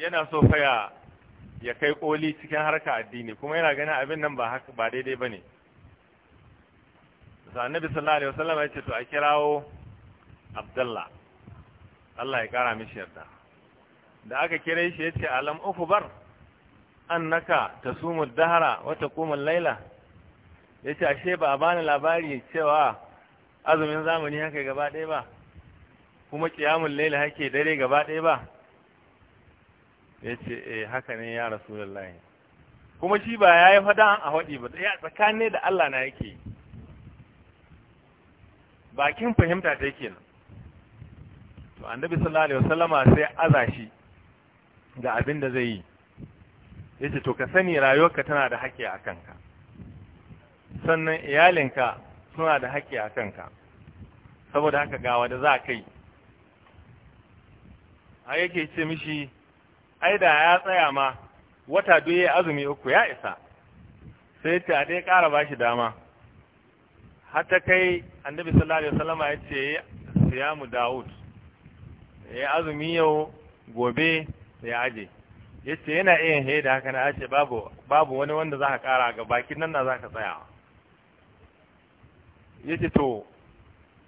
yana so faya ya kai koli cikin harka addini kuma yana ganin abin nan ba haka ba daidai bane sa annabi sallallahu alaihi wasallam ya ce to a kirawo abdullah Allah ya kara mishi yarda da aka kire shi yace alam ukhbar annaka tasumu Dahara, wata wa taqumu al-laila yace ashe ba bani labari cewa azumin zamani haka gaba ɗaya ba kuma qiyamul laila hake dare gaba ɗaya ba ya ce eh haka ne ya rasulullahi kuma shi ba ya yi fada a haɗi ba ya tsakanin da Allah na yake bakin fahimta ta yake nan to annabi sallallahu alaihi wasallama sai azashi ga abin da zai yi yace to ka sani rayuwarka tana da haƙƙi a kanka sannan iyalinka suna da haƙƙi a kanka saboda haka ga wanda za kai a yake ce mishi ai da ya tsaya ma wata biye azumi uku ya isa sai ta dai ƙara bashi shi dama ta kai annabi sallallahu alaihi wasallama ya ce siyamu daud ya azumi yau gobe ya aje ce yana iya he da haka na ace babu babu wani wanda za ka ƙara ga bakin nan na za ka tsaya ya ce to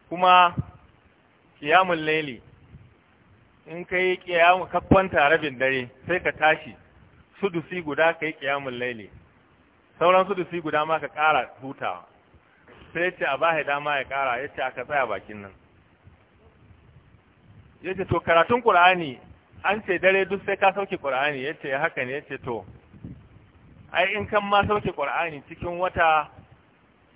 kuma kiyamun laili in ka yi ƙiyamu kaffanta rabin dare sai ka tashi sudusi guda ka yi ƙiyamun laili sauran sudusi guda ma ka ƙara hutawa sai ce a bahi dama ya ƙara ya ce aka tsaya bakin nan ya ce to karatun ƙur'ani an ce dare duk sai ka sauke ƙur'ani ya ce haka ne ya ce to ai in kan ma sauke ƙur'ani cikin wata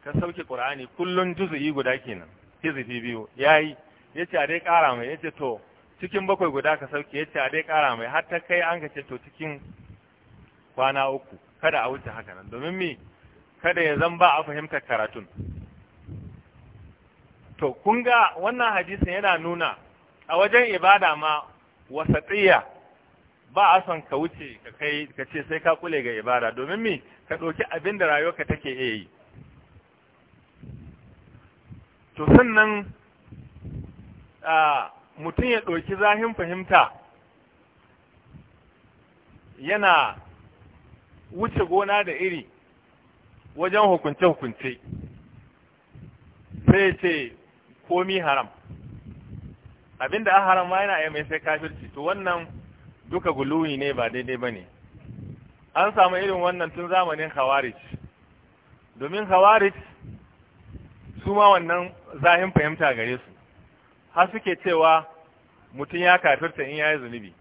ka sauke ƙur'ani kullum juzu'i guda kenan hizifi biyu ya yi ya ce a dai ƙara mai ya ce to cikin bakwai guda ka sauke yace a dai kara mai har ta kai an ka to cikin kwana uku kada a wuce haka nan domin me kada ya zan ba a fahimtar karatun to kun ga wannan hadisin yana nuna a wajen ibada ma wasatiya ba a son ka wuce ka kai ka ce sai ka kule ga ibada domin me ka ɗauki abin da rayuwarka take iya yi to sannan a mutum ya ɗauki zahin fahimta yana wuce gona da iri wajen hukunce-hukunce sai ce komi haram abinda a haram ma yana mai sai kafirci to wannan duka guluwi ne ba daidai ba ne an samu irin wannan tun zamanin khawarij domin khawarij su ma wannan zahin fahimta gare su har suke cewa mutum ya kafirta in ya yi zunubi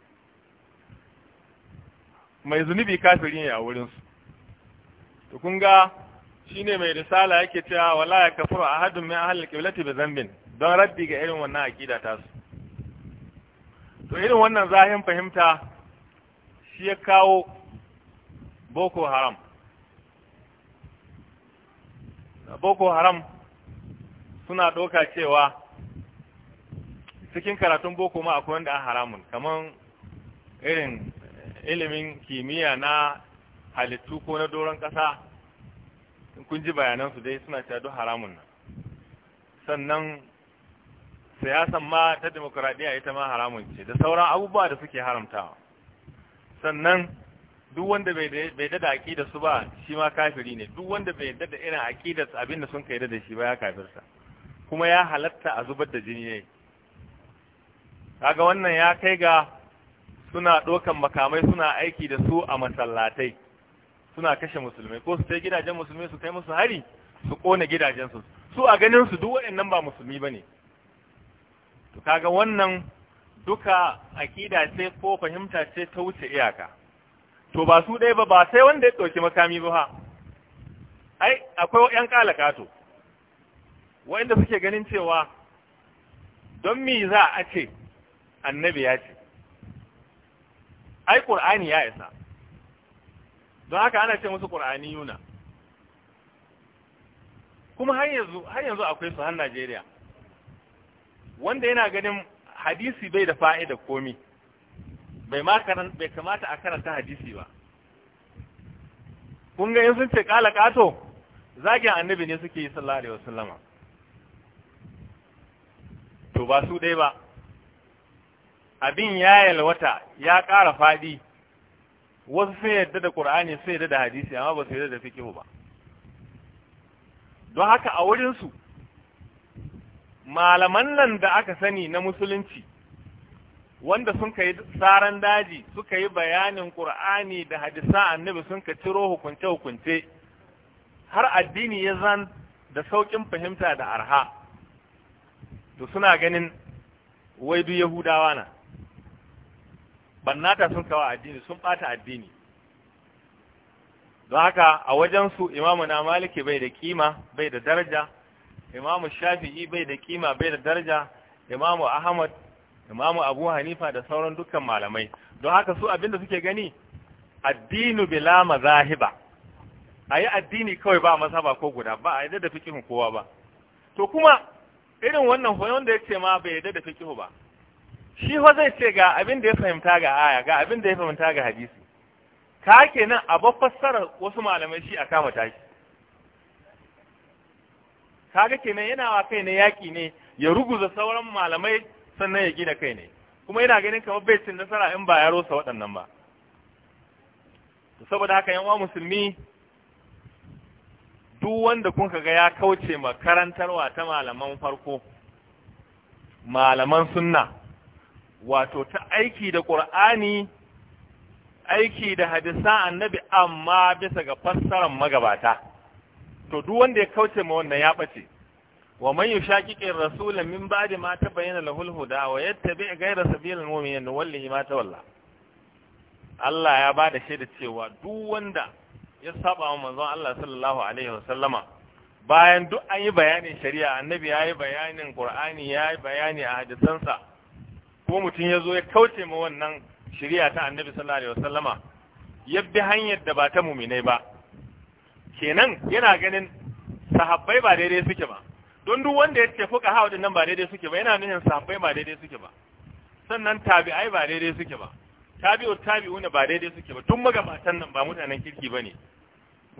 mai zunubi kafiri ne a wurinsu to kun ga shi ne mai risala yake cewa wala ya kafar a hadin mai ahalin kibilati da zambin don rabbi ga irin wannan akida tasu to irin wannan zahin fahimta shi ya kawo boko haram boko haram suna ɗauka cewa cikin karatun boko ma akwai wanda a haramun kaman irin ilimin kimiyya na halittu ko na doron ƙasa kun ji bayanansu dai suna cewa haramun nan sannan siyasan ma ta demokuraɗiyya ita ma haramun ce da sauran abubuwa da suke haramtawa sannan duk wanda bai dada aƙida su ba shi ma kafiri ne duk wanda bai dada irin aƙidar abin da sun kai da shi ba ya kafirsa kuma ya halatta a zubar da jini ne kaga wannan ya kai ga suna ɗaukan makamai suna aiki da su a masallatai suna kashe musulmai ko su kai gidajen musulmai su kai musu hari su ƙone gidajensu su a ganin su duk waɗannan ba musulmi bane to kaga wannan duka akida ce ko fahimta ce ta wuce iyaka to ba su ɗaya ba ba sai wanda ya ɗauki makami ba ai akwai ƴan kalakato waɗanda suke ganin cewa don me za a ce annabi ya ce ai qur'ani ya isa don haka ana ce musu ƙur'aniyuna. kuma har yanzu akwai su har Najeriya wanda yana ganin hadisi bai da fa'ida komi bai bai kamata a karanta hadisi ba kun ga yanzu ce kala kato zagin annabi ne suke yi sallallahu alaihi wasallama to ba su dai ba abin ya yalwata ya ƙara faɗi wasu sai yadda da ƙur'ani sai yadda da hadisi amma ba su yadda da fikihu ba don haka a wurinsu malaman nan da aka sani na musulunci wanda sun ka yi tsaran daji suka yi bayanin ƙur'ani da hadisa annabi sun ka ciro hukunce-hukunce har addini ya zan da sauƙin fahimta da arha to suna ganin wai duk yahudawa na bannata sun kawo addini sun bata addini don haka a wajensu imamu na maliki bai da kima bai da daraja imamu shafi'i bai da kima bai da daraja imamu ahmad imamu abu hanifa da sauran dukkan malamai don haka su abinda suke gani addinu bila mazahiba a yi addini kawai ba ba ko guda ba a yadda da kowa ba to kuma irin wannan hoyon da ya ce ma bai yadda da fikihu ba shi fa zai ce ga abin da ya fahimta ga aya ga abin da ya fahimta ga hadisi ka nan a ba fassara wasu malamai shi a kama taki ke nan yana wa kai ne yaƙi ne ya ruguza sauran malamai sannan ya gina kai ne kuma yana ganin kamar bai cin nasara in ba ya rosa waɗannan ba saboda haka yan uwa musulmi duk wanda kun ga ya kauce makarantarwa ta malaman farko malaman sunna wato ta aiki da ƙur'ani aiki da hadisa annabi amma bisa ga fassarar magabata to duk wanda ya kauce ma wannan ya bace wa man yushaqiqi ar-rasula min ba'di ma tabayyana lahu al-huda wa yattabi' ghayra sabilil mu'minin wallahi ma tawalla Allah ya bada shaida cewa duk wanda ya saba wa manzon Allah sallallahu alaihi wa sallama bayan duk an yi bayanin shari'a annabi ya yi bayanin qur'ani yi bayani a hadisansa ko mutum ya zo ya kauce ma wannan shirya ta annabi sallallahu alaihi wasallama ya bi hanyar da ba ta muminai ba kenan yana ganin sahabbai ba daidai suke ba don duk wanda ya ce fuka hawa nan ba daidai suke ba yana nuna sahabbai ba daidai suke ba sannan tabi'ai ba daidai suke ba tabi'u ne ba daidai suke ba tun magabatan nan ba mutanen kirki bane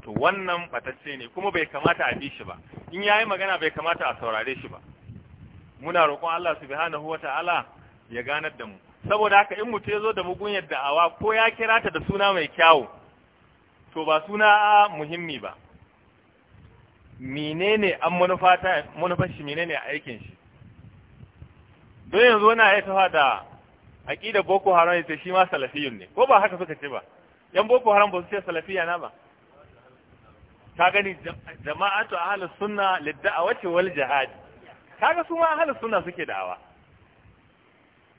to wannan batacce ne kuma bai kamata a bi shi ba in yayi magana bai kamata a saurare shi ba muna roƙon Allah subhanahu wata'ala ya ganar da mu saboda haka in mutu ya zo da mugunyar da'awa ko ya kira ta da suna mai kyawu to ba suna muhimmi ba menene an manufata manufar shi menene aikin shi don yanzu wani ya tafa da aqida boko haram ita shi ma salafiyun ne ko ba haka suka ce ba yan boko haram ba su ce salafiya na ba Ta gani jama'atu ahlus sunna lid da'awati wal jihad kaga su ma ahlus sunna suke da'awa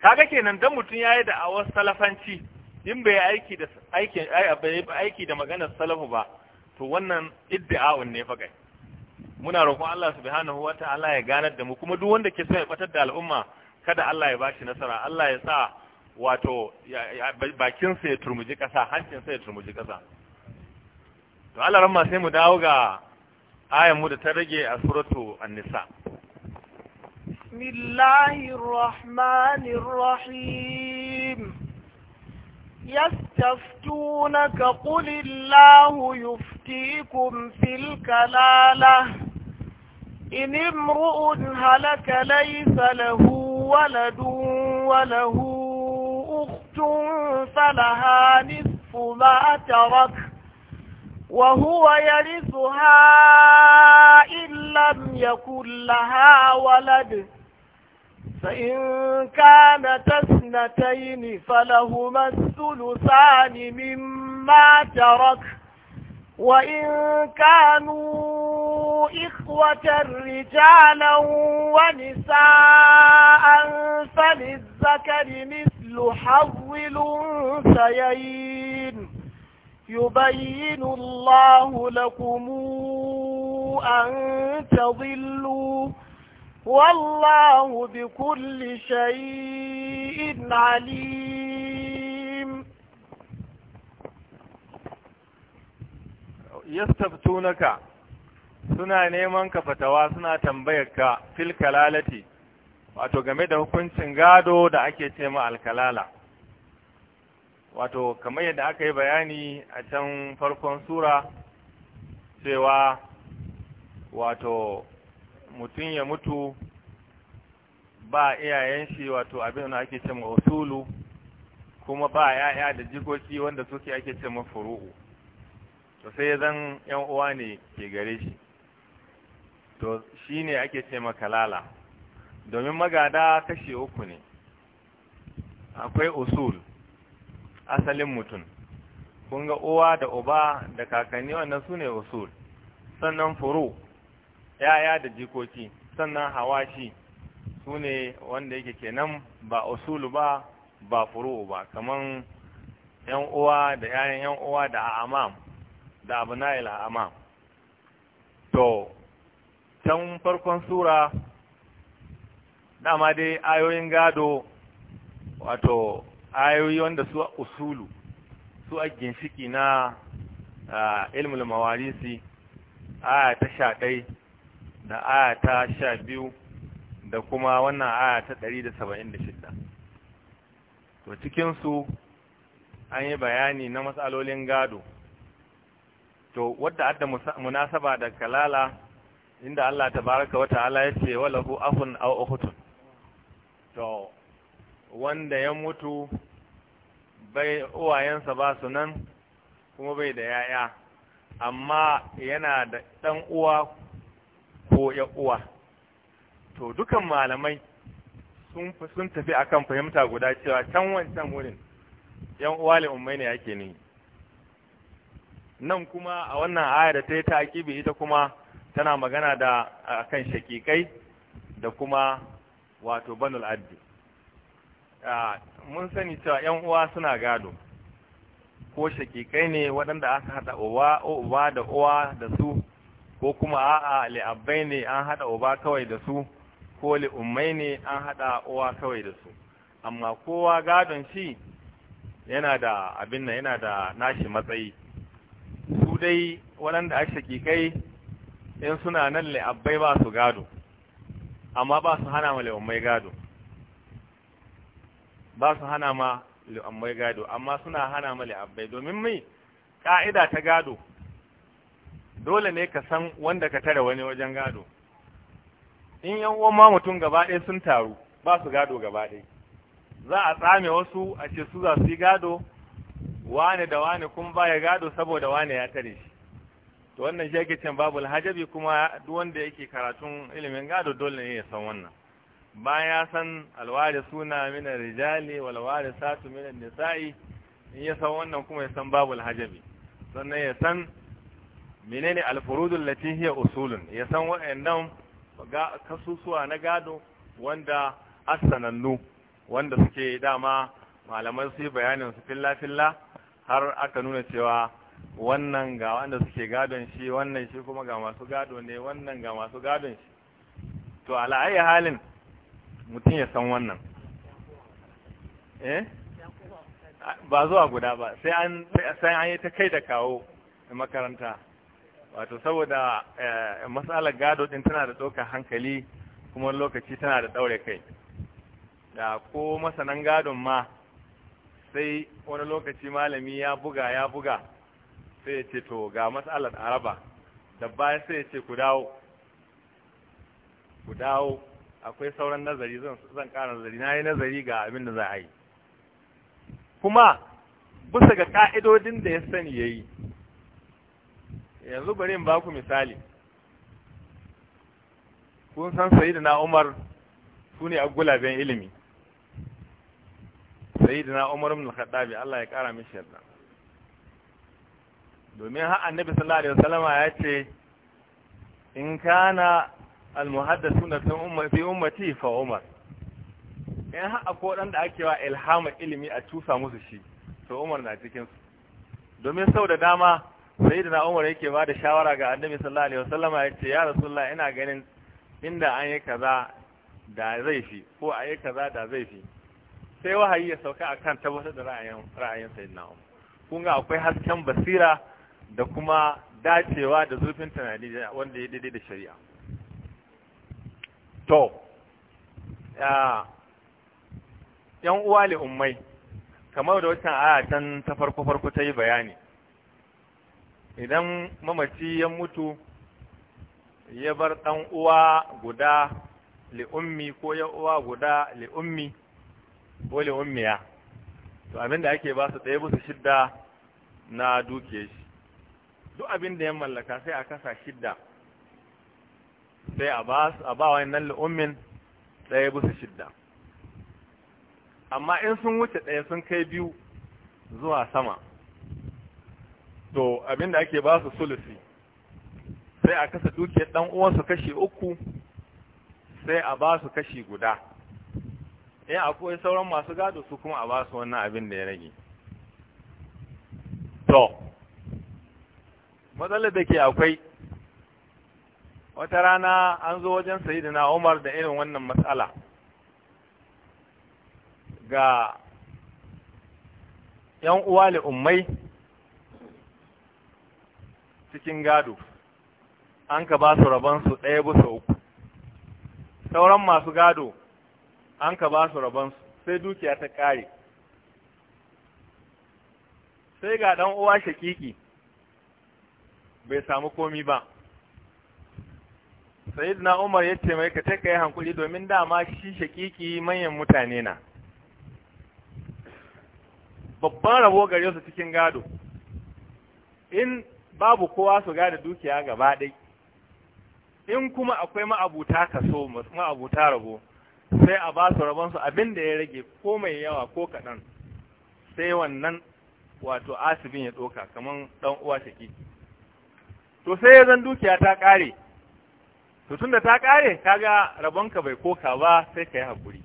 kaga kenan dan mutum yayi da awar salafanci in bai aiki da aiki aiki da maganar salafu ba to wannan iddia'un ne kai. muna roƙon Allah subhanahu wata'ala ya ganar da mu kuma duk wanda ke so ya batar da al'umma kada Allah ya bashi nasara Allah ya sa wato bakin sa ya turmuji kasa hancin sa ya turmuji kasa to Allah ramma sai mu dawo ga ayan da ta rage a suratu an-nisa بسم الله الرحمن الرحيم يستفتونك قل الله يفتيكم في الكلالة إن امرؤ هلك ليس له ولد وله أخت فلها نصف ما ترك وهو يرثها إن لم يكن لها ولد فإن كانت اثنتين فلهما الثلثان مما ترك وإن كانوا إخوة رجالا ونساء فللذكر مثل حظ الأنثيين يبين الله لكم أن تضلوا والله بكل شيء عليم يستفتونك suna neman ka fatawa suna tambayarka filkalalati, wato game da hukuncin gado da ake ce ma alkalala wato kamar yadda aka yi bayani a can farkon sura cewa wato mutum ya mutu ba iyayen shi wato abin da ake ce ma usulu kuma ba ya'ya da jikoki wanda suke ake ce ma furu'u to sai zan yan uwa ne ke gare shi to shine ake ce ma kalala domin magada kashi uku ne akwai usul asalin mutum kun ga uwa da uba da kakanni wannan su ne usul sannan furu yaya da jikoki sannan hawashi su ne wanda yake kenan ba usulu ba ba furu ba kaman yan uwa da yayan yan uwa da amam da abna'il amam to can farkon sura dama dai ayoyin gado wato ayoyi wanda su usulu su a ginshiki na ah, ilmul mawarisi aya ta sha ɗai da aya ta sha biyu da kuma wannan aya ta ɗari da saba'in da shidda to cikinsu an yi bayani na matsalolin gado to wadda adda munasaba da kalala inda Allah baraka wata wata ya ce walahu afun a ukhtun to wanda ya mutu bai uwayensa ba su nan kuma bai da yaya amma yana da ɗan uwa ko uwa to dukan malamai sun tafi akan fahimta guda cewa can wancan wurin yan uwa ummai ne yake ni nan kuma a wannan aya da ta yi ta ita kuma tana magana da akan shakikai da kuma wato banul addi mun sani cewa yan uwa suna gado ko shakikai ne waɗanda aka haɗa uwa da uwa da su ko kuma a'a li'abbai ne an haɗa uba kawai da su ko li'ummai ne an haɗa uwa kawai da su amma kowa gadon shi yana da abin nan yana da nashi matsayi su dai waɗanda a shakikai in suna nan li'abbai ba su gado amma ba su hana ma li'ummai gado ba su hana ma li'ummai gado amma suna hana ma li'abbai domin mai ka'ida ta gado dole ne ka san wanda ka tare wani wajen gado in yan uwan ma mutum gaba ɗaya sun taru ba su gado gaba ɗaya za a tsame wasu a ce su za su yi gado wane da wane kuma ba ya gado saboda wane ya tare shi to wannan shi ake cin babu hajabi kuma duk wanda yake karatun ilimin gado dole ne ya san wannan bayan ya san alwari suna mina rijali walwari satu mina nisa'i in ya san wannan kuma ya san babu hajabi sannan ya san menene alfurudun lati hiya usulun ya san waɗannan ga kasusuwa na gado wanda asanannu wanda suke dama malaman su bayanin su filla filla har aka nuna cewa wannan ga wanda suke gadon shi wannan shi kuma ga masu gado ne wannan ga masu gadon shi to ala'ayi halin mutum ya san wannan eh ba zuwa guda ba sai an sai an yi ta kai da kawo makaranta wato saboda eh, matsalar gado din tana da ɗaukar hankali kuma lokaci tana da ɗaure kai da ko masanan gadon ma sai wani lokaci malami ya buga ya buga sai ya ce to ga matsalar araba da baya sai ya ce ku dawo ku dawo akwai sauran nazari zan ƙara nazari na yi nazari ga abin da za a yi kuma bisa ga ƙa'idodin da ya sani ya yi yanzu bari in baku misali kun san sayyidina Umar sune agulaben ilimi sayyidina Umar ibn al-Khattab Allah ya kara mishi yarda domin har annabi sallallahu alaihi wasallama ya ce in kana al ummati fi ummati fa Umar in har akwai dan da akewa ilhama ilimi a cusa musu shi to Umar na cikin su domin sau da dama sai da umar yake ba da shawara ga annabi sallallahu alaihi wasallam ya ce ya rasulullah ina ganin inda an yi kaza da zai fi ko a yi kaza da zai fi sai wahayi ya sauka akan tabbatar da ra'ayin ra'ayin sayyidina umar kun ga akwai hasken basira da kuma dacewa da zurfin tunani wanda ya daidai da shari'a to yan uwa li ummai kamar da waccan aya ta farko farko ta yi bayani idan mamaci ya mutu ya bar ɗan uwa guda li'ummi ko ya uwa guda li'ummi ko li'ummiya to abinda ake ba su ɗaya busu shidda na duke shi duk abinda ya mallaka sai a kasa shidda sai a ba wa nan li'ummin ɗaya busu shidda amma in sun wuce ɗaya sun kai biyu zuwa sama to abinda ake ba su sulusi sai a kasa dukiyar dan uwansu kashi uku sai a ba su kashi guda in akwai sauran masu gado su kuma a ba su wannan abin da ya rage to matsalar da ke akwai wata rana an zo wajen sayidina umar da irin wannan matsala ga yan uwa ummai cikin gado an ka ba su rabansu ɗaya bisa uku sauran masu gado an ka ba su rabansu sai dukiya ta ƙare sai ga ɗan uwa shakiki bai samu komi ba na umar ya ce mai ka taka yi hankuli domin dama shi shakiki manyan mutane na babban rabo gare su cikin gado in babu kowa su gada dukiya gaba ɗai in kuma akwai ma'abuta kaso ma'abuta rabo sai a ba su rabonsu abin da ya rage ko mai yawa ko kaɗan sai wannan wato asibin ya ɗoka kamar ɗan uwa shaki to sai ya zan dukiya ta ƙare to tun da ta ƙare kaga rabonka bai koka ba sai ka yi haƙuri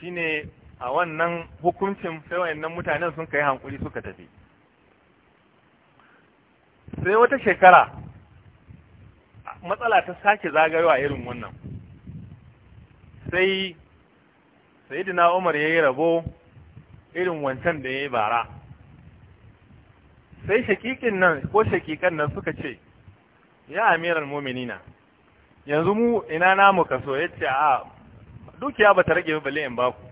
shine a wannan hukuncin sai wayannan mutanen sun kai haƙuri suka tafi sai wata shekara matsala ta sake zagayowa irin wannan sai sayidina umar ya yi rabo irin wancan da ya yi bara sai shakikin nan ko shakikan nan suka ce ya amiran mominina yanzu mu ina namu kaso ya ce a dukiya ba ta rage bale in baku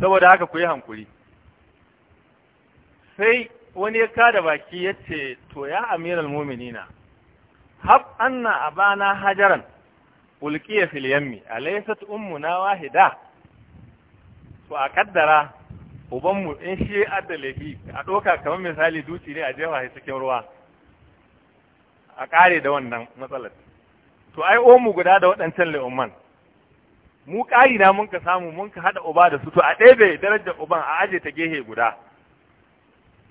saboda haka ku yi hankuri sai wani ya kada baki ya ce to ya amiral muminina hab anna abana hajaran ulqiya fil yammi alaysat ummuna wahida to a kaddara ubanmu in shi adalahi a doka kamar misali duci ne a jefa shi cikin ruwa a kare da wannan matsalar to ai omu guda da waɗancan le'umman mu ƙari na mun ka samu mun ka haɗa uba da su to a ɗebe darajar uban a aje ta gehe guda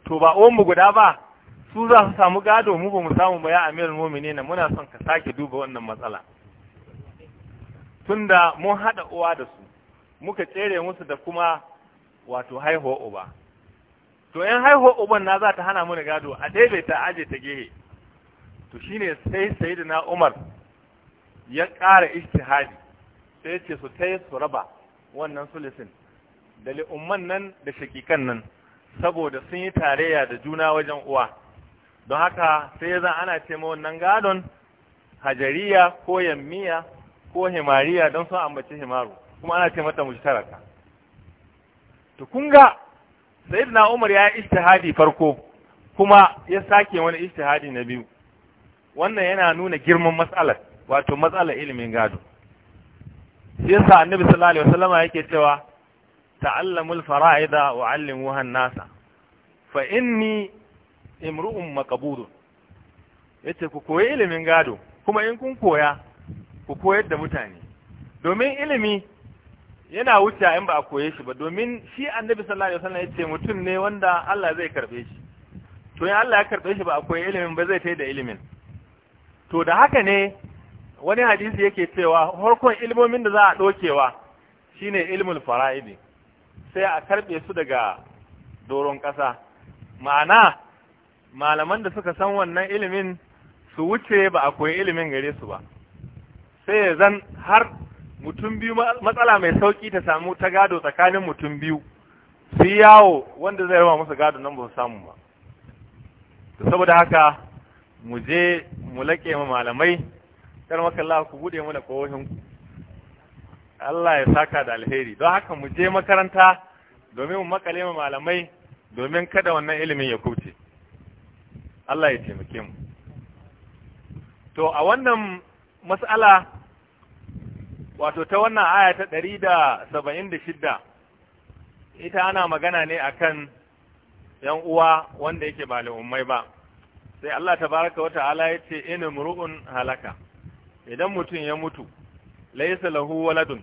to ba uwan mu guda ba su za su samu gado mu ba mu samu ba ya mumini na muna son ka sake duba wannan matsala tunda mun haɗa uwa da su muka tsere musu da kuma wato haihuwa uba to yan haihuwa uban na za ta hana mu gado a ta aje ta gehe to shine sai na Umar ya ƙara istihadi sai ce su tayi su raba wannan sulisin da li'umman nan da shakikan nan saboda sun yi tarayya da juna wajen uwa don haka sai ya zan ana ce ma wannan gadon hajariya ko yammiya ko himariya don sun ambaci himaru kuma ana ce mata mushtaraka to kun ga sayyidina Umar ya yi istihadi farko kuma ya sake wani ijtihadi na biyu wannan yana nuna girman matsalar wato matsalar ilimin gado shi yasa annabi sallallahu alaihi wasallama yake cewa ta'allamul fara'ida wa 'allimuha an-nasa fa inni imru'un yace ku koyi ilimin gado kuma in kun koya ku koyar da mutane domin ilimi yana wuce in ba a koye shi ba domin shi annabi sallallahu alaihi wasallam yace mutum ne wanda Allah zai karbe shi to in Allah ya karbe shi ba a koyi ilimin ba zai da ilimin to da haka ne wani hadisi yake cewa farkon ilmomin da za a dokewa shine ilmul fara'idi sai a karbe su daga doron ƙasa ma'ana malaman da suka san wannan ilimin su wuce ba a koyi ilimin gare su ba sai ya zan har mutum biyu matsala mai sauƙi ta samu ta gado tsakanin mutum biyu su yawo wanda zai rama musu gado nan ba su samu ba saboda haka mu je mu laƙe ma malamai kar makalla ku buɗe mana ku Allah ya saka da alheri don haka mu je makaranta domin mu makale mu malamai domin kada wannan ilimin ya kuce Allah ya taimake mu to a wannan mas'ala wato ta wannan aya ta 176 ita ana magana ne akan yan uwa wanda yake ba ummai ba sai Allah tabaraka wata ta'ala yace ina mur'un halaka idan mutum ya mutu laysa lahu waladun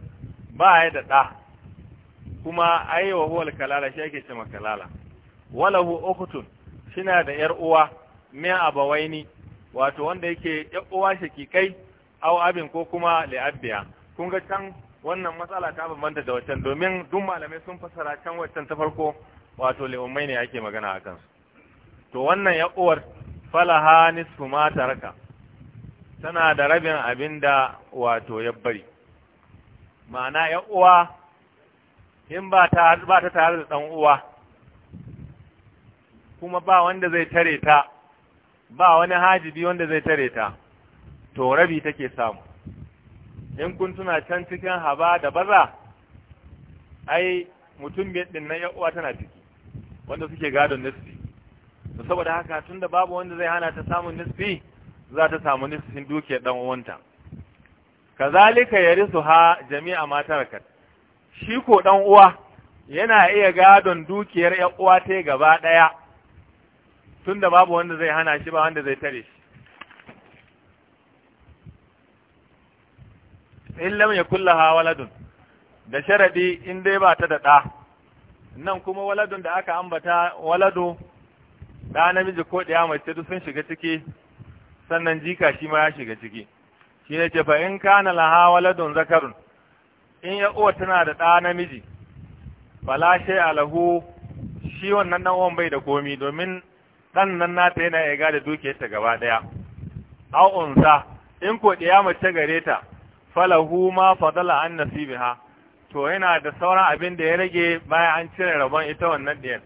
ba ya da ɗa kuma aiwa huwal kalala shi ake cewa kalala walahu ukhtun shina da yar uwa min abawaini wato wanda yake yar uwa shakikai aw abin ko kuma li'abbiya kun ga can wannan matsala ta bambanta da waccan domin duk malamai sun fasara can waccan ta farko wato li'ummai ne ake magana a kansu to wannan yar uwar falaha nisfu ma taraka tana da rabin abin da wato ya bari ma'ana ya uwa in ba ta tare da ɗan uwa kuma ba wanda zai tare ta ba wani hajibi wanda zai tare ta to rabi take samu in kun tuna can cikin haba da baza ai mutum din nan uwa tana ciki wanda suke gadon nisfi saboda haka tunda babu wanda zai hana ta samun nisfi za ta samu nisfin dukiyar dan uwanta kazalika ha jami'a ma ka, shi ko dan uwa yana iya gadon dukiyar ƴan uwa ta gaba daya tunda babu wanda zai hana shi ba wanda zai tare shi in lam yakul waladun da sharadi in dai ba ta da ɗa nan kuma waladun da aka ambata "Waladu, ɗa namiji ko ɗaya mace duk sun shiga ciki sannan jika shi ma ya shiga ciki shi ne ce fa in kana laha waladun zakarun in ya uwa tana da ɗa namiji bala shay alahu shi wannan dan uwan bai da komi domin dan nan nata yana ya gada dukiyar ta gaba daya au unsa in ko diya mace gare ta falahu ma fadala an nasibiha to yana da sauran abin da ya rage bayan an cire rabon ita wannan diyar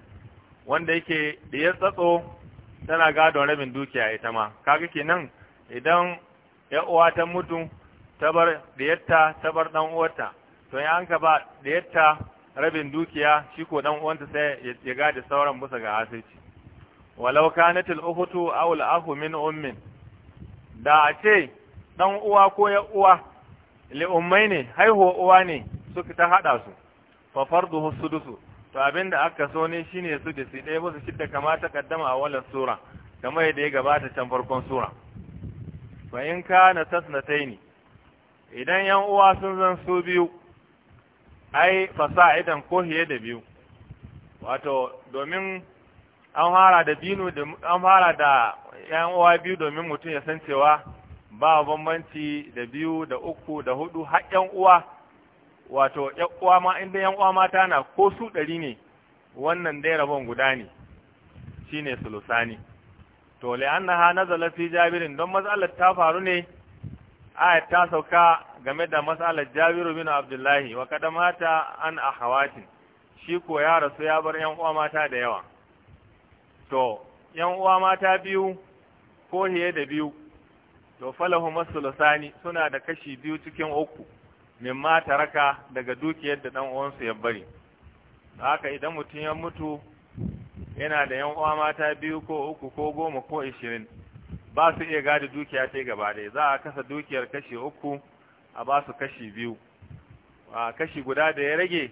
wanda yake ya tsatso tana gadon rabin dukiya ita ma kaga kenan idan ya uwa ta mutu ta bar yatta ta bar dan uwarta to ya an ka ba yatta rabin dukiya shi ko dan uwanta sai ya gada sauran busa ga asirci walau kanat al ukhtu aw al akhu min ummin da a ce dan uwa ko ya uwa li ummaini ne haihuwa uwa ne suka ta hada su fa farduhu sudusu to abin da aka so ne shine su da su ɗaya musu shidda ta kaddama a wannan sura kamar yadda ya gabata can farkon sura fa in kana tasnataini idan yan uwa sun zan su biyu ai idan ko hiye da biyu wato domin an fara da dino an fara da yan uwa biyu domin mutum ya san cewa ba bambanci da biyu da uku da hudu har yan uwa wato uwa ma inda yan uwa mata na ko su ɗari ne wannan dai rabon guda ne shine sulusani to li'annaha nazala fi jabirin don mas'alar ta faru ne ayat ta sauka game da mas'alar jabiru bin abdullahi wa kada mata an ahawatin shi ko ya rasu ya bar yan uwa mata da yawa to yan uwa mata biyu ko hiye da biyu to falahu masulusani suna da kashi biyu cikin uku mimma taraka daga dukiyar da ɗan'uwansu ya bari haka idan mutum ya mutu yana da yan uwa mata biyu ko uku ko goma ko ishirin ba su iya gadi dukiya ta gaba ɗaya za a kasa dukiyar kashi uku a ba su kashi biyu a kashi guda da ya rage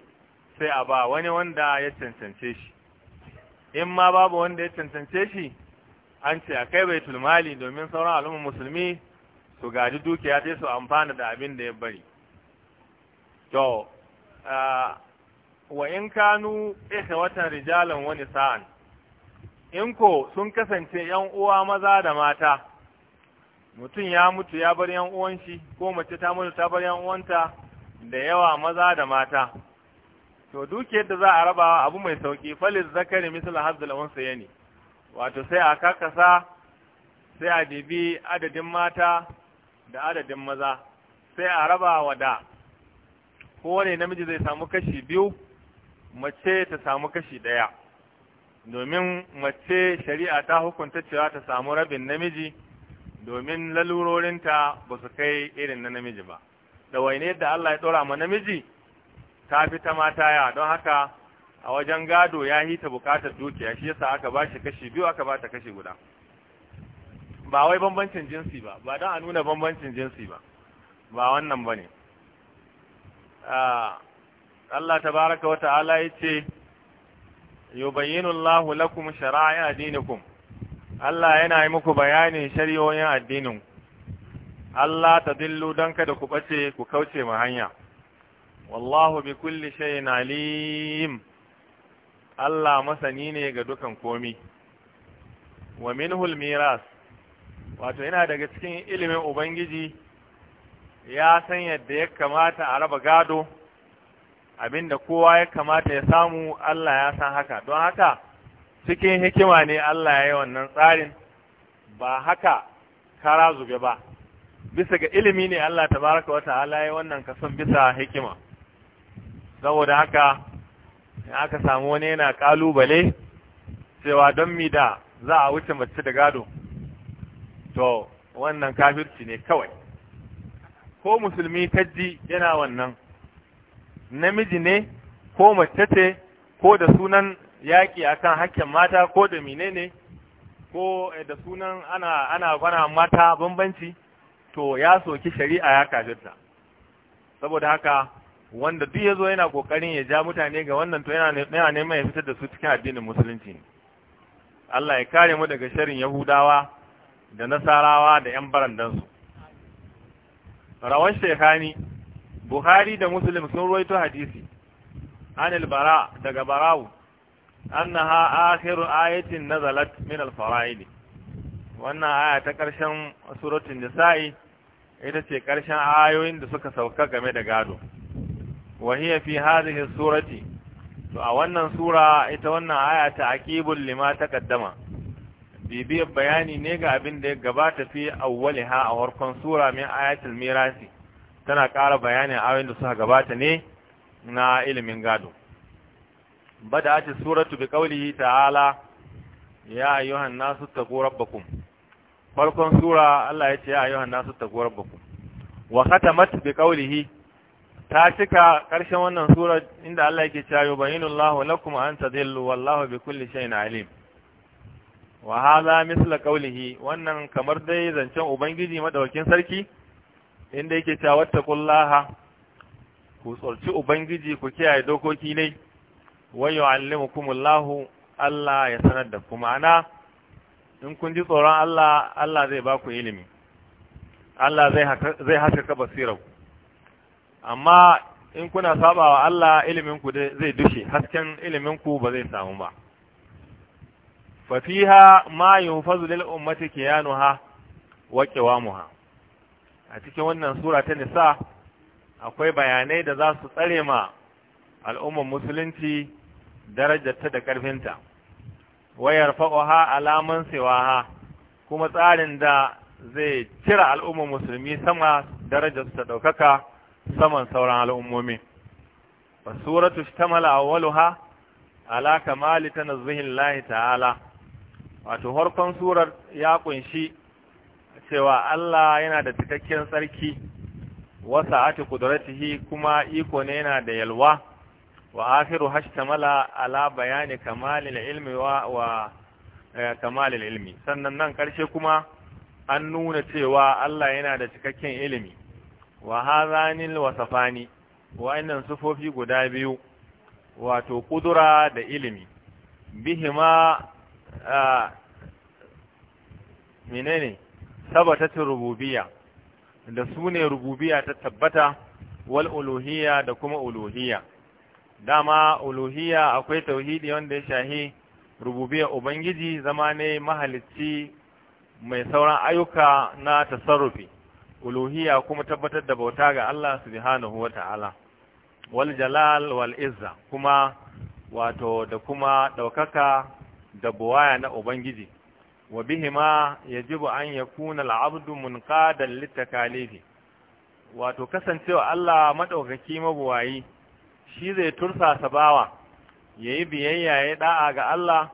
sai a ba wani wanda ya cancance shi in ma babu wanda ya cancance shi an ce a kai bai tulmali domin sauran al'ummar musulmi su gadi dukiya ta su amfana da abin da ya bari to wa in kanu watan rijalan wani sa'an, in ko sun kasance yan uwa maza da mata mutum ya mutu ya bar yan uwan shi ko mace ta mutu ta bar yan uwanta da yawa maza da mata to dukiyar da za a rabawa abu mai sauki falis zakari misal wansa unsayni wato sai a kakasa sai a dibi adadin mata da adadin maza sai a raba wa da kowane namiji zai samu kashi biyu mace ta samu kashi ɗaya domin mace shari'a ta hukunta cewa ta samu rabin namiji domin lalurorinta ba su kai irin na namiji ba Da waine da Allah ya ɗora ma namiji ta fi ta mata ya don haka a wajen gado ya yi ta bukatar dukiya shi yasa aka ba shi kashi biyu aka ba ta kashi guda ba wai bambancin jinsi ba ba don a nuna bambancin jinsi ba ba wannan ba ne Allah tabaraka wa ta'ala yace yubayyinu Allahu lakum shara'a dinikum Allah yana yi muku bayanin shari'oyin addinin Allah ta dillu don kada ku bace ku kauce ma hanya wallahu bi kulli shay'in alim Allah masani ne ga dukan komi wa minhul miras wato yana daga cikin ilimin ubangiji ya san yadda ya kamata a raba gado abinda kowa ya kamata ya samu Allah ya san haka don haka cikin hikima ne Allah ya yi wannan tsarin ba haka kara zube ba bisa ga ilimi ne Allah baraka wata ta'ala ya wannan kason bisa hikima saboda haka in aka samu wani yana kalubale cewa don mi da za a wuce mace da gado to wannan kafirci ne kawai ko musulmi kaji yana wannan namiji ne ko mace ce ko da sunan yaƙi akan hakkin mata ko da menene ko da sunan ana ana mata bambanci to ya soki shari'a ya kafirta saboda haka wanda duk ya zo yana kokarin ya ja mutane ga wannan to yana yana neman ya fitar da su cikin addinin musulunci Allah ya kare mu daga shirin Yahudawa da Nasarawa da 'yan barandansu rawar shekani buhari da muslim sun ruwaito hadisi an ilbara daga barawu annaha akhiru ayatin nazalat min alfara'id wannan aya ta karshen suratun nisa'i ita ce karshen ayoyin da suka sauka game da gado wahiyar fi hadihin surati to a wannan sura ita wannan aya ta aqibul lima kaddama. bibiyar bayani ne ga abin da ya gabata fi ha a warkon sura min ayatul mirasi tana ƙara bayanin ayoyin da suka gabata ne na ilimin gado bada ta suratu bi qawlihi ta'ala ya ayyuhan nasu taqu rabbakum farkon sura Allah ya ce ya ayyuhan nasu taqu rabbakum wa khatamat bi qawlihi ta cika ƙarshen wannan sura inda Allah yake cewa yubayyinullahu lakum an tadillu wallahu bi kulli shay'in alim wa hadha misla kaulihi wannan kamar dai zancen ubangiji madaukakin sarki inda yake cewa wattaqullaha ku tsorci ubangiji ku kiyaye dokoki ne wa yu'allimukumullahu Allah ya sanar da ku ma'ana in kun ji tsoron Allah Allah zai ba ku ilimi Allah zai haskaka basirar amma in kuna sabawa Allah ilimin ku zai dushe hasken ilimin ku ba zai samu ba fa fiha ma yunfazu lil ummati kiyanuha wa a cikin wannan sura ta nisa akwai bayanai da za su tsare ma al'ummar musulunci darajarta da ƙarfinta wayar fa'oha alaman sewaha kuma tsarin da zai cire al'ummar musulmi sama darajarsu ta ɗaukaka saman sauran al'ummomi ba suratu shi ta mala ala kamali ta nazuhin lahi ta'ala wato harkon surar ya kunshi cewa Allah yana da cikakken tsarki wa ati kudratihi kuma iko ne yana da yalwa wa akhiru hashtamala ala bayani kamalil ilmi wa, wa eh, kamalil ilmi sannan nan karshe kuma an nuna cewa Allah yana da cikakken ilimi wa hazanil wasafani wa'annan sufofi guda biyu wato kudura da ilimi bihima menene sabatatin rububiya da su ne rububiya ta tabbata wal uluhiya da kuma uluhiyya dama uluhiya akwai tauhidi wanda ya shahi rububiya ubangiji zama ne mahalicci mai sauran ayyuka na tasarrufi uluhiya kuma tabbatar da bauta ga Allah subhanahu wata'ala wal jalal wal izza kuma wato da kuma daukaka da buwaya na ubangiji wa ya yajibu an yakuna al'abdu munqadan litakalifi wato kasancewa Allah maɗaukaki mabuwayi shi zai tursasa bawa yayi biyayya ya da'a ga Allah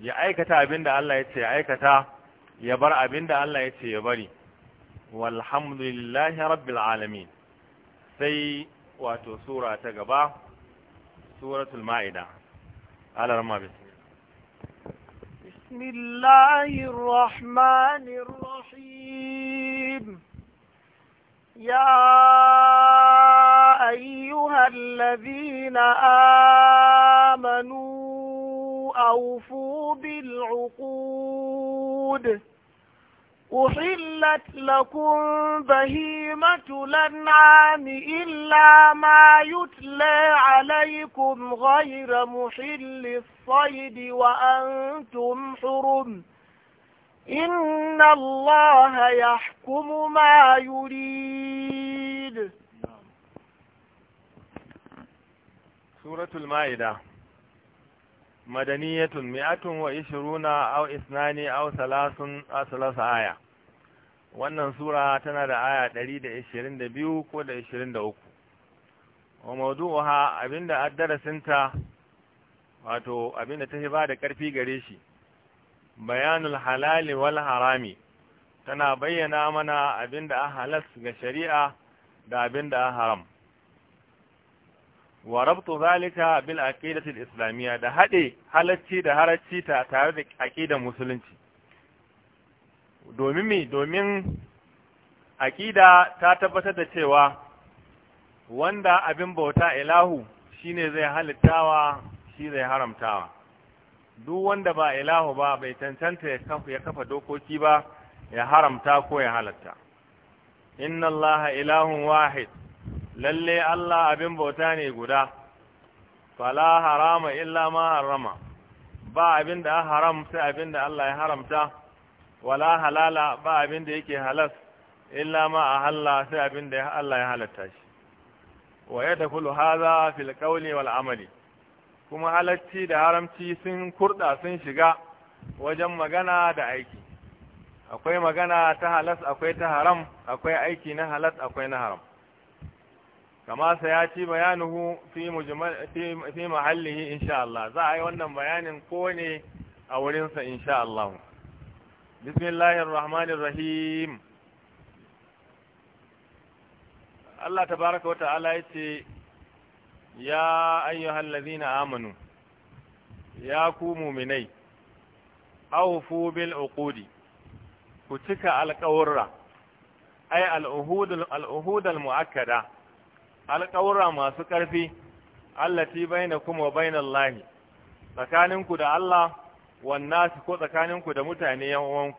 ya aikata abinda Allah ya ce ya aikata ya bar da Allah ya ce ya bari walhamdulillahi rabbil sai wato sura ta gaba suratul ma'ida بسم الله الرحمن الرحيم يا أيها الذين آمنوا أوفوا بالعقود أحلت لكم بهيمة الأنعام إلا ما يتلى عليكم غير محل الصيد وأنتم حرم إن الله يحكم ما يريد سورة المائدة مدنية مئة وعشرون أو اثنان أو ثلاث أو ثلاث آية wannan sura tana da aya 122 ko da 23 wa mawdu'uha abinda addarasinta wato abinda ta ba da ƙarfi gare shi bayanul halali wal harami tana bayyana mana abinda a halas ga shari'a da abinda a haram wa rabtu zalika bil aqidati al islamiyya da haɗe halarci da haracci ta tare da aqidar musulunci domin mi domin aƙida ta tabbatar da cewa wanda abin bauta ilahu shine zai halittawa shi zai haramtawa duk wanda ba ilahu ba bai cancanta ya kafa dokoki ba ya haramta ko ya halatta inna allaha ilahun wahid lalle allah abin bauta ne guda fala harama illa ma harama ba abin da haram sai abin da allah ya haramta wala halala ba abin da yake halas illa ma a halla sai abin da Allah ya halatta shi wa ya tafulu haza fil qawli wal amali kuma halacci da haramci sun kurda sun shiga wajen magana da aiki akwai magana ta halas akwai ta haram akwai aiki na halas akwai na haram kama sa ya ci bayanuhu fi fi mahallihi insha Allah za a yi wannan bayanin ko ne a wurinsa insha Allah bismillahir rahmanir rahim Allah Ta baraka ta'ala yace ya ayyuhal ladhina amanu ya ku mu'minai awfu bil uqudi ku cika alƙawurra ay al'uhudul al'uhudul mu'akkada alƙawurra masu ƙarfi allati baina kuma bainallahi tsakaninku da Allah wannan ko tsakaninku da mutane yan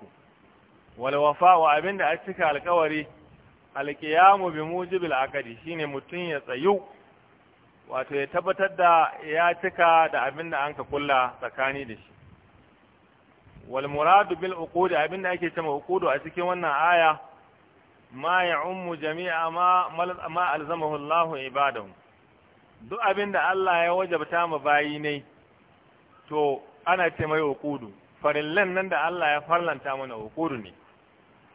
Walwafa, wa abin da ake cika alkawari alkiyamu bi mujibil aqdi shine mutun ya tsayu wato ya tabbatar da ya cika da abinda anka kulla tsakani da shi wal muradu bil uqud da ake cewa uqudu a cikin wannan aya ma ya'ummu jami'a ma ma alzamahu Allahu ibadahu duk abinda Allah ya wajabta ma bayi ne to ana ce mai uqudu farillan nan da Allah ya farlanta mana okudu ne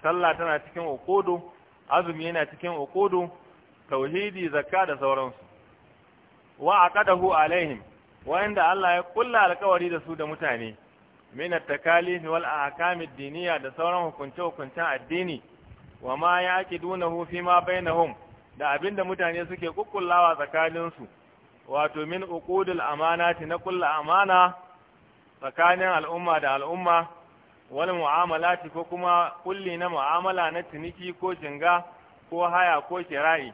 sallah tana cikin okudu azumi yana cikin okudu tauhidi zakka da sauransu wa aqadahu alaihim wayanda Allah ya kulla alƙawari da su da mutane min at-takalif wal ahkamid diniyya da sauran hukunce-hukuncen addini wa ma yaqidunahu fi ma bainahum da abinda mutane suke kukkullawa tsakaninsu wato min uqudul amanati na kulla amana tsakanin al'umma da al'umma wani mu'amalati ko kuma kulli na mu'amala na ciniki ko jinga ko haya ko kira'i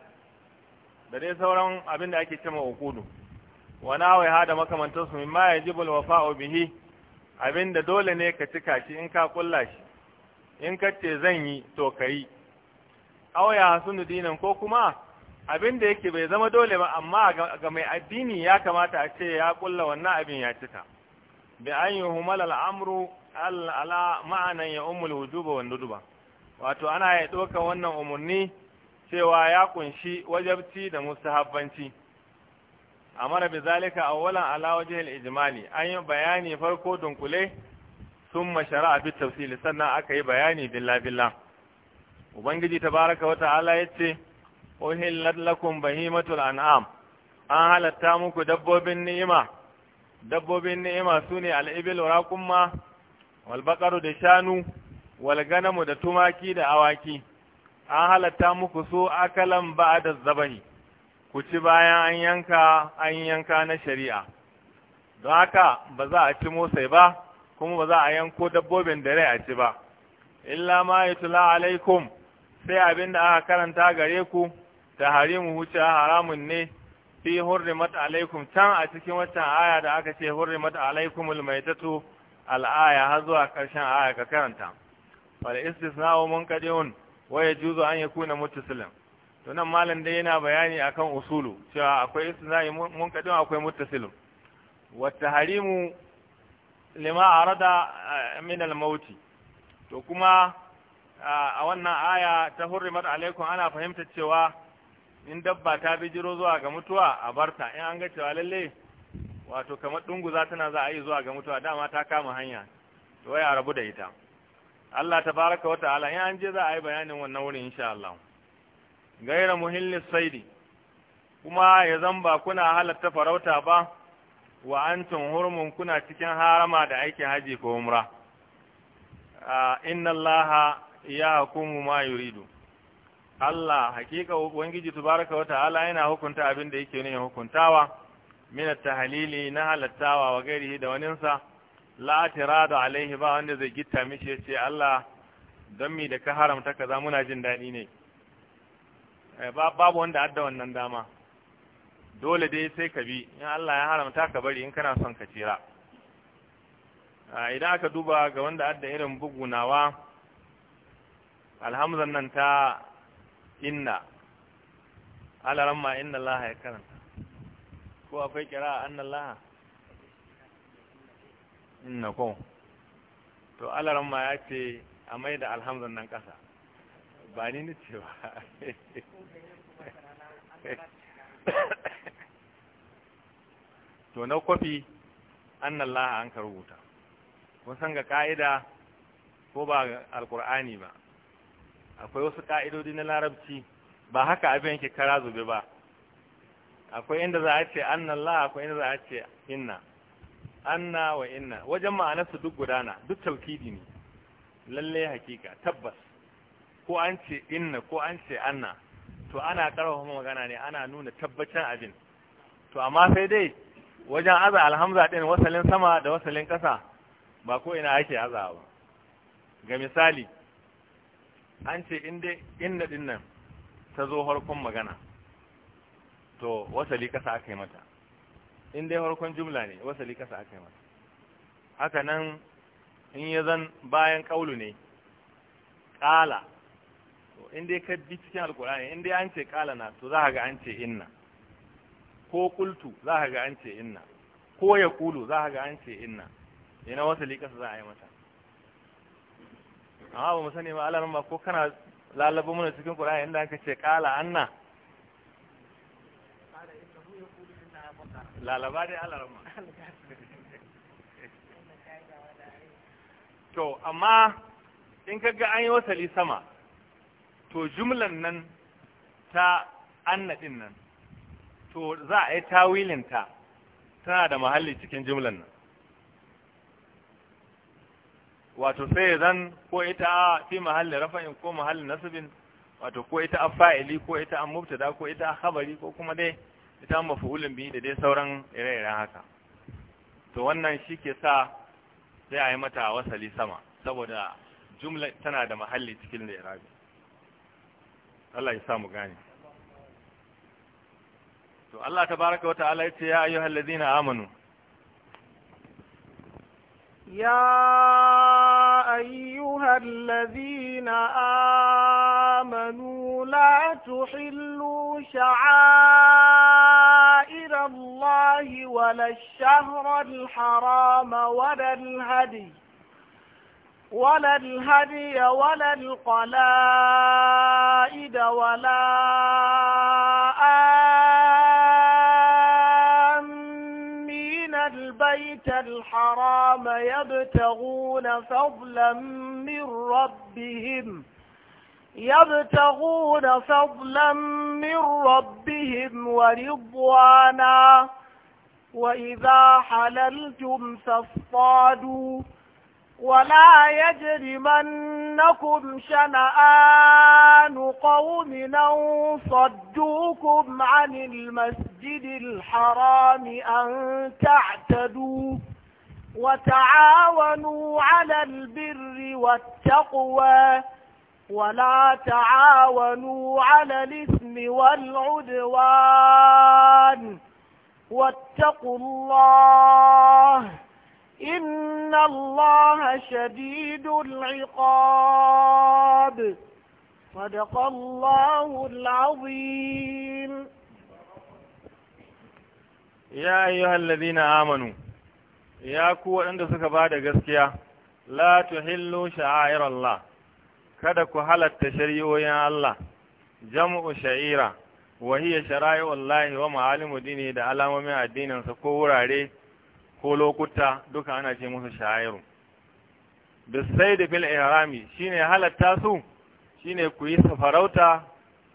da dai sauran abin da ake cewa ukudu wa nawai hada makamantar su mimma yajibu alwafa'u bihi abin da dole ne ka cika shi in ka kulla shi in ka ce zan yi to kai aw ya dinan ko kuma abin da yake bai zama dole ba amma ga mai addini ya kamata a ce ya kulla wannan abin ya cika bi an yi humal al'amru ala ma'anan ya umul wujuba wanda duba wato ana ya ɗauka wannan umarni cewa ya kunshi wajabci da mustahabbanci mara bi zalika awwalan ala wajhil ijmali an yi bayani farko dunkule mashara a bi tafsil sannan aka yi bayani billa billa ubangiji tabaaraka wa ta'ala ce uhillat lakum bahimatul an'am an halatta muku dabbobin ni'ima dabbobin ni'ima su ne al'ibil raƙumma walbaƙaru da shanu walganamu da tumaki da awaki an halatta muku so akalan ba da zabani, ku ci bayan an yanka an yanka na shari'a don haka ba za a ci motsai ba kuma ba za a yanko dabbobin da rai a ci ba illa ma yi tula alaikum sai abin da aka karanta gare ku ta harimu wuce haramun ne fi hurrimat alaikum can a cikin wata aya da aka ce hurrimat alaikumul maitatu al'aya har zuwa ƙarshen aya ka karanta wal istisna'u munqadiun wa yajuzu an yakuna muttasilan to nan malam dai yana bayani akan usulu cewa akwai istisna'i munqadiun akwai muttasilun wa tahrimu lima arada eh, min al-maut to kuma ah, a wannan aya ta hurrimat alaikum ana fahimta cewa in dabba ta bijiro zuwa ga mutuwa a barta in an ga cewa lalle wato kamar dunguza tana za a yi zuwa ga mutuwa dama ta kama hanya to a rabu da ita Allah tabaraka wata'ala in an je za a yi bayanin wannan wurin insha Allah gaira muhillis saidi kuma ya zamba kuna halatta farauta ba wa antum hurmun kuna cikin harama da aikin haji ko umra ah, inna allaha ya hukumu ma yuridu Allah hakika wangiji tubaraka wa ta'ala yana hukunta abin da yake nuna hukuntawa min at-tahlili na halattawa wa gairihi da waninsa la tirada alaihi ba wanda zai gitta mishi yace Allah don mi da ka haramta kaza muna jin dadi ne eh, babu wanda adda wannan dama dole dai sai ka bi in Allah ya haramta ka bari in kana son ka tira ah, idan aka duba ga wanda adda irin bugunawa alhamdulillah ta inna ramma inna laha ya karanta ko akwai kira annan laha inna ko to ramma ya ce a mai da alhamdun nan ƙasa ba ni ni ce ba to na kwafi annan laha an ka rubuta kun san ga ka'ida ko ba alkur'ani ba akwai wasu ka'idodi na larabci ba haka abin yake kara zube ba akwai inda za a ce annallah akwai inda za a ce inna anna wa inna wajen su duk gudana duk taukidi ne lalle hakika tabbas ko an ce inna ko an ce anna to ana karfafa magana ne ana nuna tabbacin abin to amma sai dai wajen aza alhamza din wasalin sama da wasalin kasa ba ko ina ake aza ba ga misali an ce inda inda dinnan ta zo harkon magana to wasali kasa aka yi mata inda dai harkon jumla ne wasali kasa aka yi mata haka nan in ya zan bayan kaulu ne ƙala to inda ka bi cikin in inda an ce ƙala na to za ga an ce inna ko kultu za ga an ce inna ko ya kulu za ga an ce inna ina wasali kasa za a yi mata amma ba mu sani ba alaran ba ko kana lalaba mana cikin Qur'ani inda aka ce qala anna lalaba dai alaran ma to amma in kaga an yi wasali sama to jumlan nan ta anna din nan to za a yi tawilinta tana da mahalli cikin jumlan nan wato sai zan ko ita fi mahalli rafa'in ko mahalli nasibin wato ko ita a fa'ili ko ita a mubtada ko ita a habari ko kuma dai ita mafi bi da dai sauran ire-iren haka to wannan shi ke sa sai a yi mata wasali sama saboda jumla tana da mahalli cikin da irabi Allah ya samu gane to Allah Ta baraka wata ala ya ce ya ayyuhal ladina amanu يا أيها الذين آمنوا لا تحلوا شعائر الله ولا الشهر الحرام ولا الهدي ولا الهدي ولا القلائد ولا الحرام يبتغون فضلا من ربهم يبتغون فضلا من ربهم ورضوانا وإذا حللتم فاصطادوا ولا يجرمنكم شنآن قوم أن صدوكم عن المسجد الحرام أن تعتدوا وتعاونوا على البر والتقوى ولا تعاونوا على الإثم والعدوان واتقوا الله إن الله شديد العقاب صدق الله العظيم يا أيها الذين آمنوا يا كو عند سكبا da gaskiya la tuhillu sha'air Allah kada ku halarta shari'o'in Allah jam'u sha'ira wa hiya shara'i'ullahi wa ma'alimu dini da alamomin addinin ko wurare ko lokuta duka ana ce musu sha'iru bisai da fil irami shine halatta su shine ku yi safarauta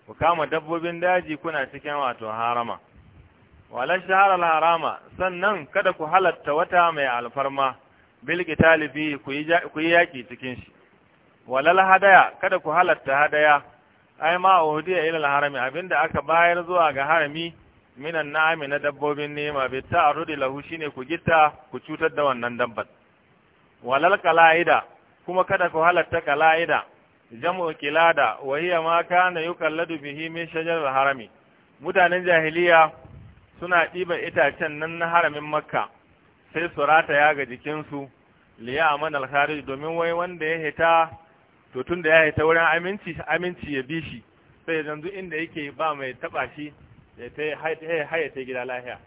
ku kama dabbobin daji kuna cikin wato harama wala shahara harama sannan kada ku halatta wata mai alfarma bil qitali fi ku yi yaki cikin shi walal hadaya kada ku halatta hadaya ai ma uhdiya ila harami abinda aka bayar zuwa ga harami minan na'ami na dabbobin nema bai ta'arudi lahu shine ku gita ku cutar da wannan dabbar walal kala'ida kuma kada ku halatta kala'ida jam'u kilada wa hiya ma kana yukalladu bihi min shajarar harami mutanen jahiliya suna ɗiba itacen nan na haramin makka sai su rataya ga jikinsu liya aman al-kharij domin wai wanda ya hita to tun da ya hita wurin aminci aminci ya bi shi sai yanzu inda yake ba mai taba ya ta haya ta gida lahiya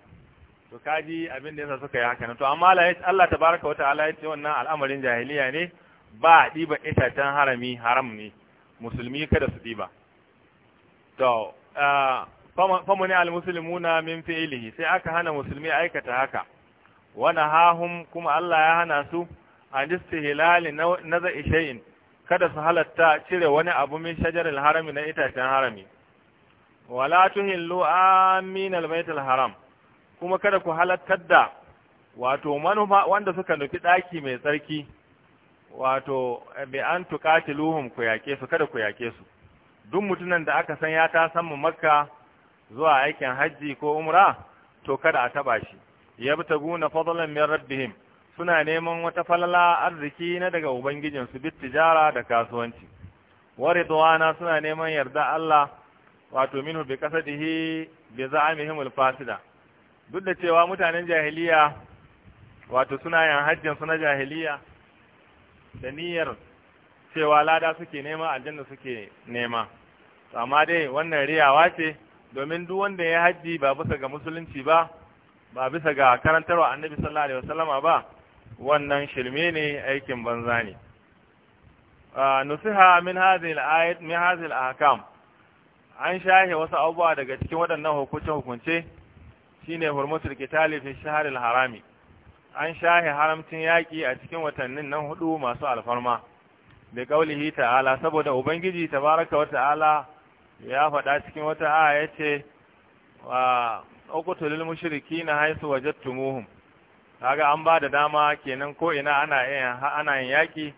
to kaji abin da yasa suka yi haka to amma Allah tabaraka wata'ala ya ce wannan al'amarin jahiliya ne ba diba itacen harami haram ne musulmi kada su diba to famani almuslimuna min fi'lihi sai aka hana musulmi aikata haka wani hahun kuma Allah ya hana su an istihlali nazai shay'in kada su halatta cire wani abu min shajaril harami na itacen harami wala tuhillu amin albayt Haram, kuma kada ku halattar da wato manufa wanda suka nufi daki mai tsarki wato bi an tuqatiluhum ku yake su kada ku yake su duk mutunan da aka san ya ta san mu makka zuwa aikin haji ko umra to kada a taba shi yabtaguna fadlan min rabbihim suna neman wata falala arziki na daga ubangijinsu bit tijara da kasuwanci wa ridwana suna neman yarda Allah wato minhu bi kasadihi bi za'amihim al-fasida duk da cewa mutanen jahiliya wato suna yan hajjin suna jahiliya da niyyar cewa lada suke nema aljanna suke nema amma dai wannan riyawa ce domin duk wanda ya hajji ba bisa ga musulunci ba ba bisa ga karantarwa annabi sallallahu alaihi wasallama ba wannan shirme ne aikin banza ne ah, nusiha min hadhihi al-ayat min hadhihi al-ahkam an shahe wasu abubuwa daga cikin waɗannan hukunce-hukunce shine hurmatul kitali fi shahril harami an shahe haramcin yaƙi a cikin watannin nan hudu masu alfarma da kaulihi ta'ala saboda ubangiji tabaraka wata'ala ya faɗa cikin wata aya yace wa uqtulul mushrikina haythu wajadtumuhum kaga an ba da dama kenan ko ina ana ana yin yaƙi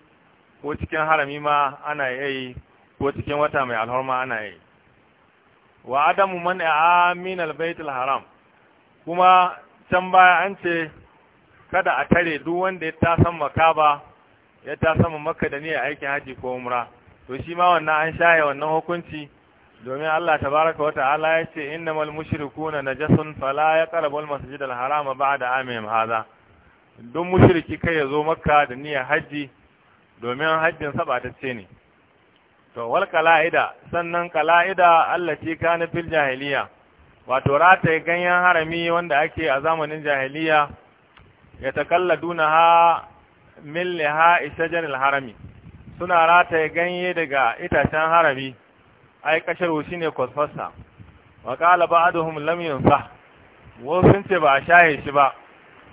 ko cikin harami ma ana yi ko cikin wata mai alhorma ana yi wa adamu man amin albaitul haram kuma can baya an ce kada a tare duk wanda ya tasan makaba ya tasan makka da ne aikin haji ko umra to shi ma wannan an shaye wannan hukunci domin Allah tabaraka wa ta'ala ya ce innamal mushrikuna najasun fala yaqrabul masjidal harama ba'da amim hada duk mushriki kai ya zo makka da niyyar haji domin hajjin sa ce ne to wal kala'ida sannan kala'ida allati kana fil jahiliya wato rataye ganyen harami wanda ake a zamanin jahiliya ya takalladuna ha min liha harami suna rataye ganye daga itacen harami ai wuci ne kwasfasa wa qala ba'dhum lam yunsa sun ce ba shaye shi ba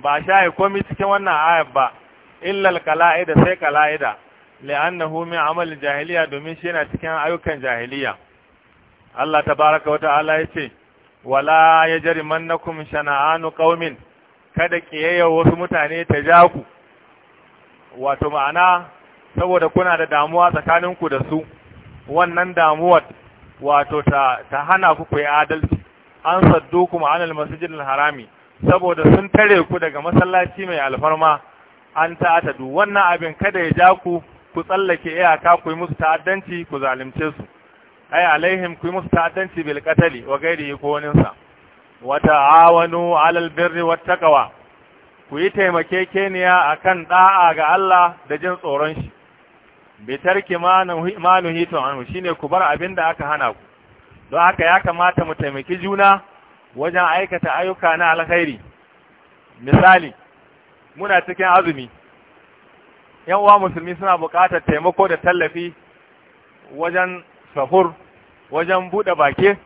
ba shaye komai cikin wannan ayat ba illa al kala'ida sai kala'ida la'annahu min amalin jahiliya domin shi yana cikin ayyukan jahiliya Allah tabaraka wa ta'ala yace wala yajrimannakum shana'anu qaumin kada kiyayya wasu mutane ta ja ku wato ma'ana saboda kuna da damuwa tsakaninku da su wannan damuwar wato ta ta hana ku ku yi adalci an sadduku ma'anal masjidil harami saboda sun tare ku daga masallaci mai alfarma an ta'ata duk wannan abin kada ya ja ku ku tsallake iyaka ku yi musu ta'addanci ku zalunce su ay alaihim ku yi musu ta'addanci bil qatali wa ghairihi ko sa. wa ta'awanu 'alal birri wat taqwa ku yi taimakekeniya akan da'a ga Allah da jin tsoron shi bi tarki ma hito anhu shine ku bar abin da aka hana ku don haka ya kamata mu taimaki juna wajen aikata ayyuka na alkhairi misali muna cikin azumi yan uwa musulmi suna buƙatar taimako da tallafi wajen sahur wajen buɗe bake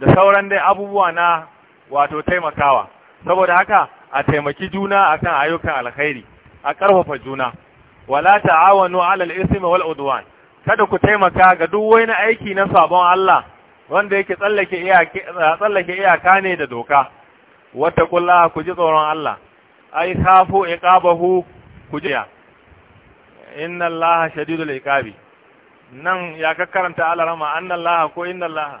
da sauran dai abubuwa na wato taimakawa saboda haka a taimaki juna akan ayyukan alkhairi a ƙarfafa juna wala ta'awanu 'alal ismi wal udwan kada ku taimaka ga duk wani aiki na sabon Allah wanda yake tsallake iyaka tsallake iyaka ne da doka wata kullaha ku ji tsoron Allah ai khafu iqabahu ku ya inna allaha shadidul iqabi nan ya ka karanta alarama anna allaha ko inna allaha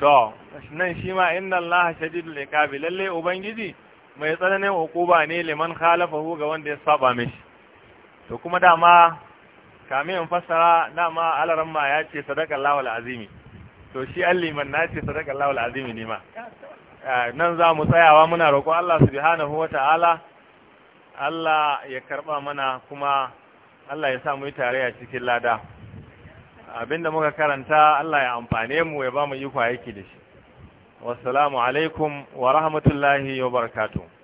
to nan shi ma inna allaha shadidul iqabi lalle ubangiji mai tsananin hukuba ne liman khalafahu ga wanda ya saba mishi to kuma dama kame in fassara dama alarama ya ce sadaka allahul azimi to shi alliman na ce sadaka allahul azimi ne ma eh, nan za mu tsayawa muna roƙo Allah subhanahu wa Allah ya karɓa mana kuma Allah ya sa mu tare a cikin lada abinda muka karanta Allah ya amfane mu ya ba mu yi iko aiki da shi wasu alaikum wa rahmatullahi wa barakatuh